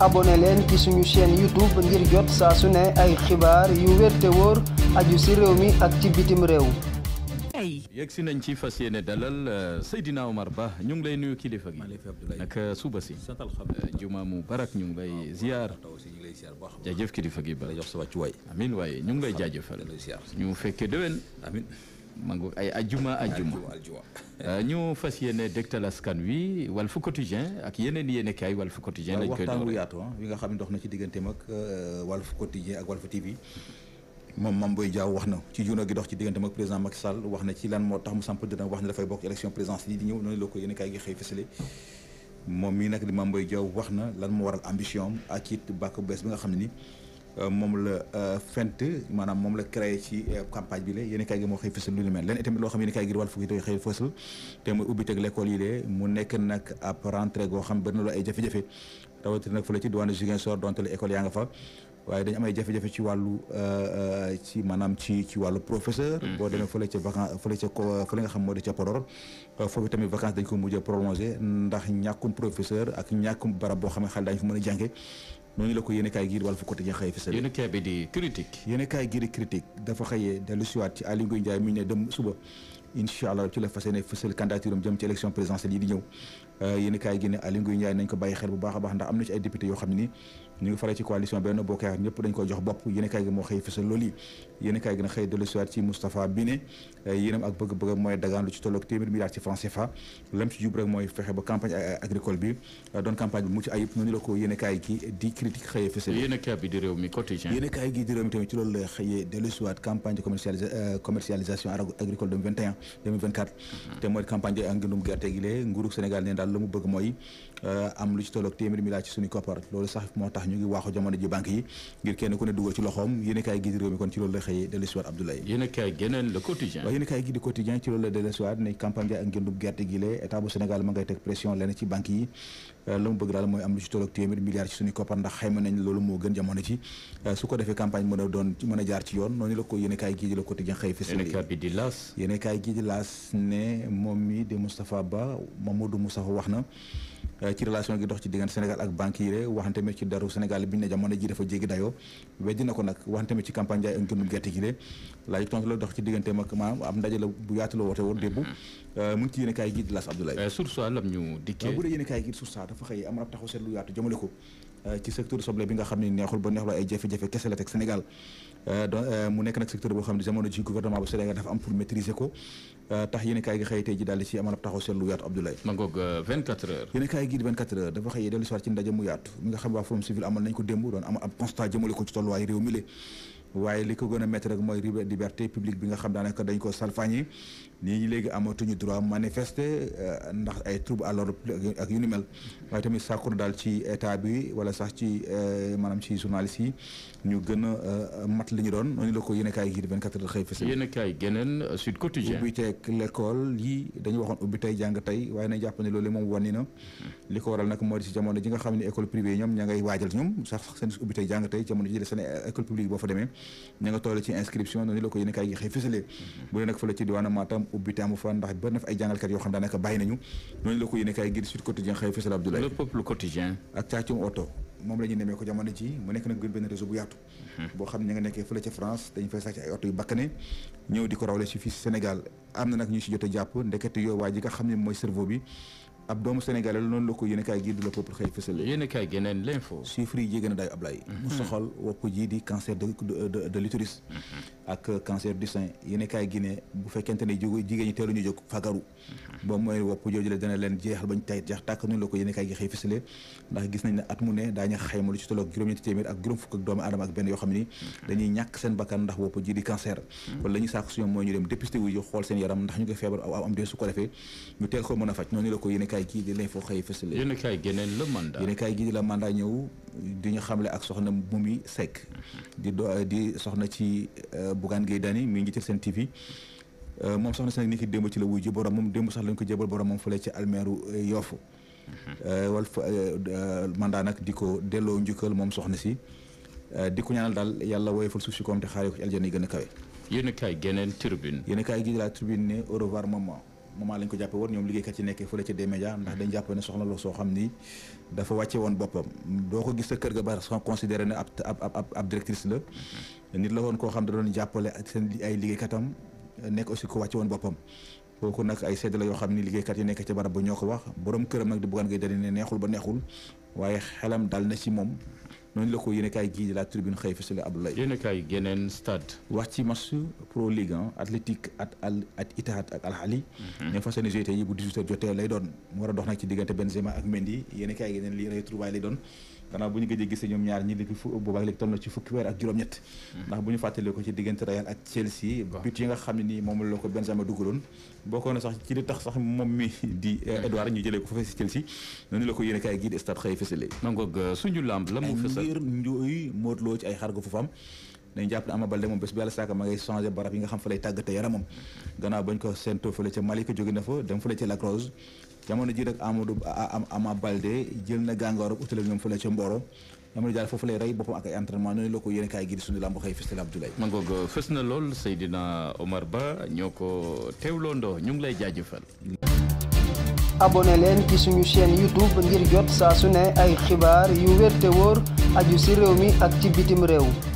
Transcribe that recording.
abonné leen ci suñu chaîne YouTube ngir jot saa su ne ay xibaar yu wér te aju si réew mi ak ci bitim réew. yegg si nañ ci fas yéene dalal euh, Seydina Omar Ba ñu ngi lay nuyu kilifa gi naka euh, suba si euh, juma mu barak ñu ngi lay ziar jaajëf kilifa gi ba amiin waaye ñu ngi lay jaajëfal ñu fekkee déwén amiin mangoog ay ajuma ajuma euh, ñu fas yéene dégtal askan wi Walf Quotidien ak yeneen yéene kaay Walf Quotidien lañ koy waxtaan wu yaatu ah, wi nga xam ne dox na ci digganteem ak euh, Walf Quotidien ak Walf TV moom Mame Boye wax na ci juuna gi dox ci digganteem ak président Macky Sall wax na ci lan moo tax mu samp dina wax ne dafay bokk ci élection présidentielle yi di ñëw noonu la ko yéene kaay gi xëy fësale moom mii nag di Mame Boye Diaw wax na lan moo waral ambition ak it bàkk bees bi nga xam ne ni Euh, moom la euh, fent maanaam moom la créé ci euh, campagne bi la yéen kaay gi moo xëy fësal lu ni mel leen itamit loo xam yéen kaay gi wàllu fukki tey xëy fësal te muy ubbi teg l'école yi de mu nekk nag ab rentrée goo xam bëri na lu ay jafe-jafe rawatina nag fële ci diwaanu Ziguinchor donte la école yaa nga fa waaye dañu am ay jafe-jafe ci maanaam ci ci wàllu professeur mm. boo demee fële ca vacance fële ca fële nga xam moo di ca Podor foofu tamit vacance dañ ko mujj prolongé ndax ñàkkum professeur ak ñàkkum barab boo xam ne xale daañu mën a jànge noonu la ko yéen a kaay giir wàllu fu côté ña xëyee fi sa yéen a kaay bi di critique yéen a kaay gi di critique dafa xëyee dellu siwaat ci Aly Ngouille Ndiaye mi ne dem suba incha allah ci la fas yéene fësal candidature am jëm ci élection présidentielle yi di ñëw Euh, yéen i kaay gi ne Aly Ngouille Ndiaye nañ ko bàyyi xel bu baax a baax ndax am na ci ay député yoo xam ne ni ñu ngi faree ci coalition benn bokk yaakaar ñëpp dañ ko jox bopp yéen i gi moo xëy fësal loolu yi yéen i euh, agricole bi euh, doon campagne i kaay gi di critique xëyee i kaay gi di réew mi tamit ci loolu la xëyee dellu siwaat campagne de commercialisation agricole 2021 mhm. te mooy campagne ngindum gerte gi lee nguuru Sénégal ne daal la mu bëgg mooy Euh, am lu ci tolloog téeméeri milliards ci suñu koppar loolu sax moo tax ñu ngi waaxu jamono ji banque yi ngir kenn ku ne dugal ci loxoom yéen a kaay di la a kaay geneen le quotidien waaw yéen a kaay gi di quotidien ci loolu de l'histoire ne campagne jaay ak njëndub gerte gi ma ngay euh, mu bëgg euh, ko defee campagne mën a doon a a kaay gi di le quotidien wax na Euh, ci relation gi dox ci diggante Sénégal ak banque yi waxante tamit ci daru Sénégal bi ñu ne jamono ji dafa a dayoo weddi na ko nag waxante tamit ci campagne jaay ak ngënum gerte gi de laaj tontu la dox ci diggante mag maanaam am ndaje la bu yaatu la woote woon démb mm-hmm. euh, mu ngi ci yéen kaay gi di Las Abdoulaye. Euh, a lam ñu dikkee. bu dee yéen kaay gi Source A dafa xëy am na taxaw seetlu yaatu jëmale ko Euh, ci secteur soble bi nga xam ne neexul ba neex la ay jafe-jafe kese la teg Sénégal euh, donc euh, mu nekk nag secteur boo xam ne jamono ji gouvernement bu Sénégal dafa am pour maîtriser ko yaatu Abdoulaye. ma ngoog 24 heures. yéen kaay gi di heures dafa xëy dellu soir ci ndaje mu yaatu mi nga xam waa forum civil amal nañ ko démb doon amal ab constat jëmale ko ci tolluwaay réew mi waaye li ko gën a métti rek mooy liberté publique bi nga xam daanaka ko nii ñi léegi amatuñu droit manifeste euh, ndax ay trouble à l'ordre ak yu ni mel waaye tamit sàkku daal ci état bi wala sax ci euh, maanaam ci journaliste yi ñu gën a euh, mat li ñu doon noonu la ko yéen a kaay gii di 24 heures xëy fës. yéen a kaay geneen fa demee ci inscription ubbite amu fa ndax ba def ay jàngalkat yoo xam daanaka bàyyi nañu noonu la ko yéene kaay ngir Sud Quotidien xëy Faisal Abdoulaye. le peuple quotidien. ak caacum oto moom la nemee ko jamono ji mu nekk nag benn réseau bu yaatu. Mhm. boo xam ne nga nekkee fële ca France dañu fay sàcc ay oto yu bakkane ñëw di ko rawale si fii Sénégal am na nag ñu si jot jàpp ndekete yoo waa ji xam ne mooy cerveau bi ab doomu Sénégalais noonu la ko yéenekaay gi di Le Peuple xëy fësal yéenekaay mhm. mhm. gi ne bu fekkente ne jigéen ñi teelu ñu jóg fagaru mhm. ba mooy wopp jooju la dana leen jeexal bañ ñu dem noonu la ko yéenekaay kaay kii di la mandat yéen kaay gii di la mandat ñëw di ñu xamle ak soxna Mumi Seck mm-hmm. di do di soxna ci euh, Bougane Gueye Dany mi ngi ci seen TV euh, moom soxna si nag ni ki démb ci la wuy borom moom démb sax lañ ko jébal borom moom fële ci almeeru euh, Yoff mm-hmm. wal nag di ko delloo njukkal moom soxna si di ko ñaanal daal yàlla woyofal suuf si koom te xaaree ko ci aljana yi gën a kawe moment lañ ko jàppe woon ñoom liggéeykat yi nekkee fële ca des médias ndax dañ jàpp ne soxna la soo xam ni dafa wàcce woon boppam doo ko gis sa kër ga ba soo considéré ne ab ab ab directrice nit la woon koo xam da doon jàppale ak seen ay nekk aussi ko wàcce woon boppam kooku nag ay sedd la yoo xam ni liggéeykat yi nekk ca barab bu ñoo ko wax borom këram nag di buggaan ngay dani ne neexul ba neexul waaye xelam dal na ci moom noonu la ko yéenekaay gii la tribune xëy fësale Abdoulaye. yéenekaay geneen stade. wax ci match pro ligue atlétique at al at Itihad ak Al Ahly. Mhm. ñoo fas yéene joué tey bu 18h jotee lay doon mu war dox nag ci diggante Benzema ak Mendy yéenekaay geneen lii retrouvailles lay doon. gannaaw bu ñu gëj a gisee ñoom ñaar ñi léegi fu boobaak léegi toll ci fukki weer ak juróom-ñett hmm. ndax bu ñu fàttalee ko ci diggante Real ak Chelsea but yi nga xam ne moom la ko Benzema dugaloon bokkoon na sax ci li tax sax moom mi di eh, hmm. Edouard ñu jëlee ko la ko yéene kaay gii di stade euh, ay xargo fofam dañ jàpp ne Ama Baldé moom bés bi yàlla saaka ma ngay changé barab yi nga xam fa lay tàggate yaramam hmm. gannaaw bañ ko seentoo fële ca Mali ko jóge na fa dem fële ca Lacrosse jamono ji rek Amadou Ama Baldé jël na gàngaaru utale ñoom fële ca Mboro Amadou Diallo foofu lay rey boppam ak ay entraînement noonu la ko yéen kaay gi di suñu lamb xëy fës la Abdoulaye ma lool Seydina Omar Ba ñoo ko teewlondoo ñu ngi lay jaajëfal abonné leen ci suñu chaîne YouTube ngir jot saa su ne ay xibaar yu wér te wóor aju si réew mi ak ci bitim réew